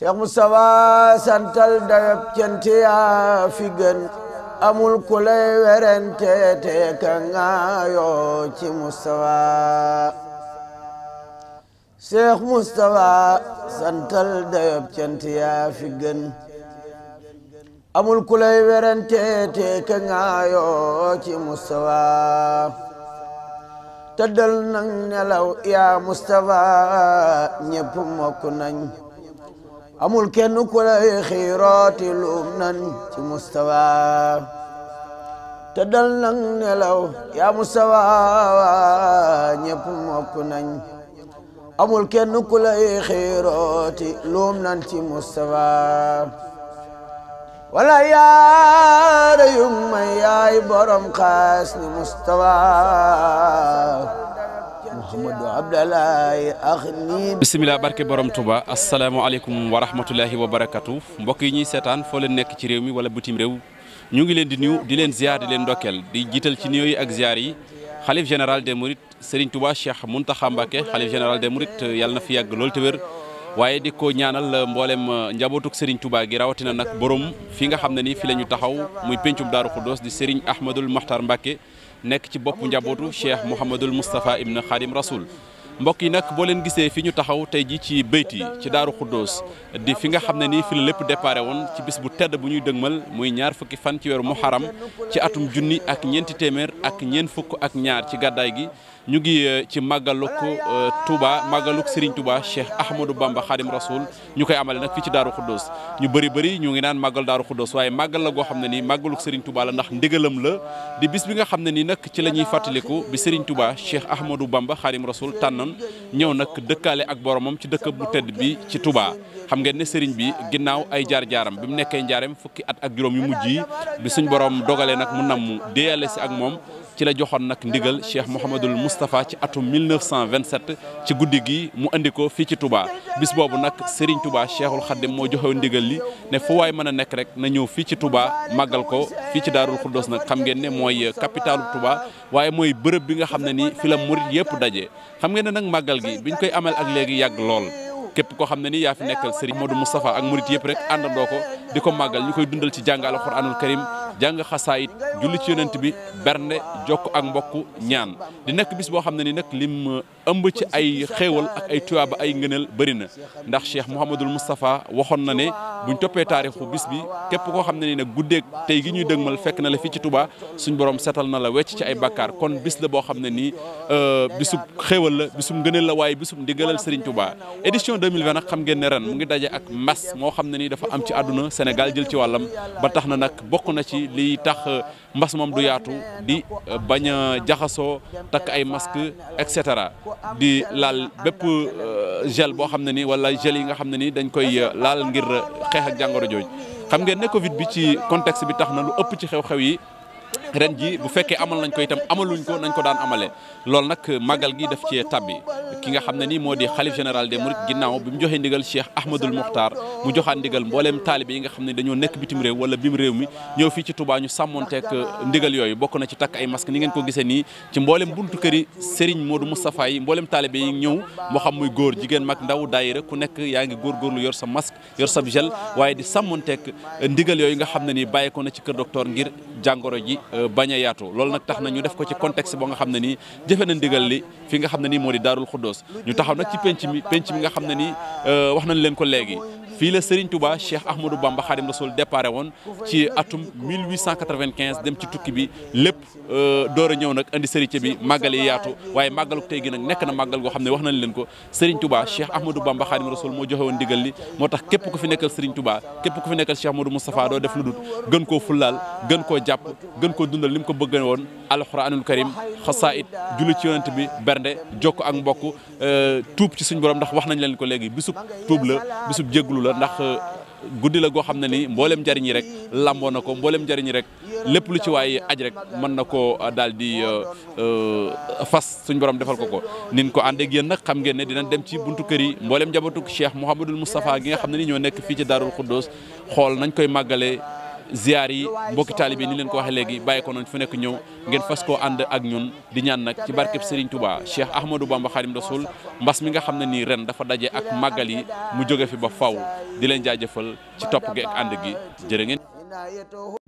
Cheikh Moustapha santal dayob cante yaa fi gën amul ku lay werante te ka ngaayoo ci Moustapha Cheikh Moustapha santal dayob cante yaa fi gën amul ku lay werante te ka ngaayoo ci Moustapha tëddal nang nelaw yaa Moustapha ñépp mokk nañ amul kenn ku lay xiirooti luum nan ci mustawa te dal nang nelaw yaa mustawa ñépp mokk nañ amul kenn ku lay xiirooti luum nan ci mustawa wala yaara yum may yaay borom xaas ni mustawa ahmadu abdalaay axni bisimila barke borom touba asalaamaaleykum wa rahmatulahi wa barakatu mbokk yi ñuy seetaan foo leen nekk ci réew mi wala bitim réew ñu ngi leen di nuyu di leen ziar di leen ndokkeel di jiital ci nuyoo ak ziar yi xalif général de mourides Serigne Touba Cheikh Mountakha Mbacké xalif général de murit yàlla na fi yàgg loolu te waaye di ko ñaanal euh, mboolem euh, njabootuk Serigne Touba gi rawatina nag borom fi nga xam ne nii fi la ñu taxaw muy pencum Daaru Xuddoos di Serigne Ahmadul maxtar Mbacke nekk ci boppu njabootu Cheikh Mouhamadul Moustapha Ibn Khadim Rasoul. mbokk yi nag boo leen gisee fi ñu taxaw tey ji ci béyt yi ci Daaru Xuddoos di fi nga xam ne nii fi la lépp déparé woon ci bis bu tedd bu ñuy dëgmal muy ñaar fukki fan ci weeru muharam ci atum junni ak ñeenti téeméer ak ñeent fukk ak ñaar ci gàddaay gi. ñu ngi euh, ci màggaluk euh, Touba màggaluk Serigne Touba Cheikh Ahmadou Bamba Khadim Rasoul ñu koy amale nag fii ci Daaru Xuddoos ñu bëri bëri ñu ngi naan màggal Daaru Xuddoos waaye màggal la goo xam ne ni màggaluk Serigne Touba la ndax ndigalam la di bis bi nga xam ne nii nag ci la ñuy fàttaliku bi Serigne Touba Cheikh Ahmadou Bamba Khadim Rasoul tànnoon ñëw nag dëkkaale ak boromam ci dëkk bu tedd bi ci tubaa xam ngeen ne Serigne bi ginnaaw ay jaar-jaaram bi mu nekkee njaareem fukki at ak juróom yu mujj yi bi suñ borom dogalee nag mu namm déeyale si ak moom ci la joxoon nag ndigal Cheikh Mouhamadul Moustapha ci atum 1927 ci guddi gi mu andi ko fii ci tubaa bis boobu nag Serigne tubaa Cheikhul Khadim moo joxe ndigal li ne fu waay mën a nekk rek na ñëw fii ci tubaa màggal ko fii ci Daarul Khuddoos nag xam ngeen ne mooy capitalu Touba waaye mooy bërëb bi nga xam ne nii fi la murit yëpp daje xam ngeen ne nag màggal gi ñu koy amal ak léegi yàgg lool. képp koo xam ne ni yaa fi nekkal Serigne Modou Moustapha ak murit yëpp rek àndandoo ko di ko màggal ñu koy dundal ci jàng alxuraanul karim jàng xasaayit julli ci yonent bi bernde jokk ak mbokk ñaan di nekk bis boo xam ne ni nag lim uh, ëmb ci ay xéewal ak ay tuyaaba ay ngëneel bëri na ndax Cheikh Mouhamadul Moustapha waxoon na ne buñ toppee taarixu bis bi képp koo xam ne ni nag guddeeg tey gi ñuy dëgmal fekk na la fii ci tubaa suñ borom setal na la wecc ci ay bakkaar kon bis la boo xam ne nii uh, bisub xéewal la bisub ngëneel la waaye bisub ndigalal Serigne Touba édition 2020 nag xam ngeen ne ren mu ngi daje ak mbas moo xam ne ni dafa am ci àdduna Sénégal jël ci wàllam liy tax euh, mbas moom du yaatu di euh, bañ a jaxasoo takk ay masque et cetera di laal bépp euh, gel boo xam ne ni wala gel yi nga xam ne ni dañ koy laal ngir xeex ak jàngoro jooju xam ngeen ne Covid bi ci contexte bi tax na lu ëpp ci xew-xew yi. ren ji bu fekkee amal nañ ko itam amaluñ ko nañ ko daan amale lool nag euh, màggal gi daf cee tabbi ki nga xam ne nii moo di xalif général des mourides ginnaaw bi mu joxee ndigal Cheikh Ahmadul Mokhtar mu joxaat ndigal mbooleem taalibe yi nga xam ne dañoo nekk bitim réew wala bimu réew mi ñëw fii ci Touba ñu sàmmonteek euh, ndigal yooyu bokk na ci takk ay masque ni ngeen ko gisee nii ci mbooleem buntu kër yi Serigne Modou Moustapha yi mbooleem taalibe yi ñëw moo xam muy góor jigéen mag ndaw rek ku nekk yaa ngi góor góorgóorlu yor sa mask yor sa gel waaye di sàmmonteek euh, ndigal yooyu nga xam ne nii bàyyi ci kër docteur ngir jàngoro ji euh, bañ a yaatu loolu nag tax na ñu def ko ci contexte boo nga xam ne nii jëfe na ndigal li fi nga xam ne nii moo di daarul xuddoos ñu taxaw nag ci penc mi penc mi nga xam ne ni euh, wax nañ leen ko léegi fii la Serigne Touba Cheikh Ahmadou Bamba Khadim Rasoul déparé woon ci atum 1895 dem ci tukki bi lépp euh, door ñëw nag indi Serigne bi màggal yi yaatu waaye màggalu tey gi nag nekk na màggal goo xam ne wax nañ leen ko Serigne Touba Cheikh Ahmadou Bamba Khadim Rasoul moo joxe woon ndigal li moo tax képp ku fi nekkal Serigne Touba képp ku fi nekkal Cheikh Ahmadou Moustapha doo def lu dul gën koo fullaal gën koo jàpp gën koo dundal li mu ko bëgg woon alxuraanul karim xasaayit julli ci bi bernde jokk ak mbokk euh, tuub ci suñu borom ndax wax nañ leen ko léegi bisub tuub la bisub la ndax euh, guddi la goo xam ne ni mbooleem njariñ yi rek lamboo na ko mbooleem njariñ yi rek lépp lu ci waay aj rek mën na ko euh, daal di euh, fas suñ borom defal ko ko nin ko ànd ak yéen nag xam ngeen ne dinañ dem ci buntu kër yi mbooleem njabootu Cheikh Mouhamadul Moustapha gi nga xam ne ni ñoo nekk fii ci Daarul Xuddoos xool nañ koy màggalee ziyaar yi mbokki taalibe ni leen ko waxee léegi bàyyi ko noonu fu nekk ñëw ngeen fas koo ànd ak ñun di ñaan nag ci barkeb Serigne Touba Cheikh Ahmadou Bamba Khadim Rasoul mbas mi nga xam ne nii ren dafa daje ak màggal yi mu jóge fi ba faw di leen jaajëfal ci topp gi ak ànd gi jërë ngeen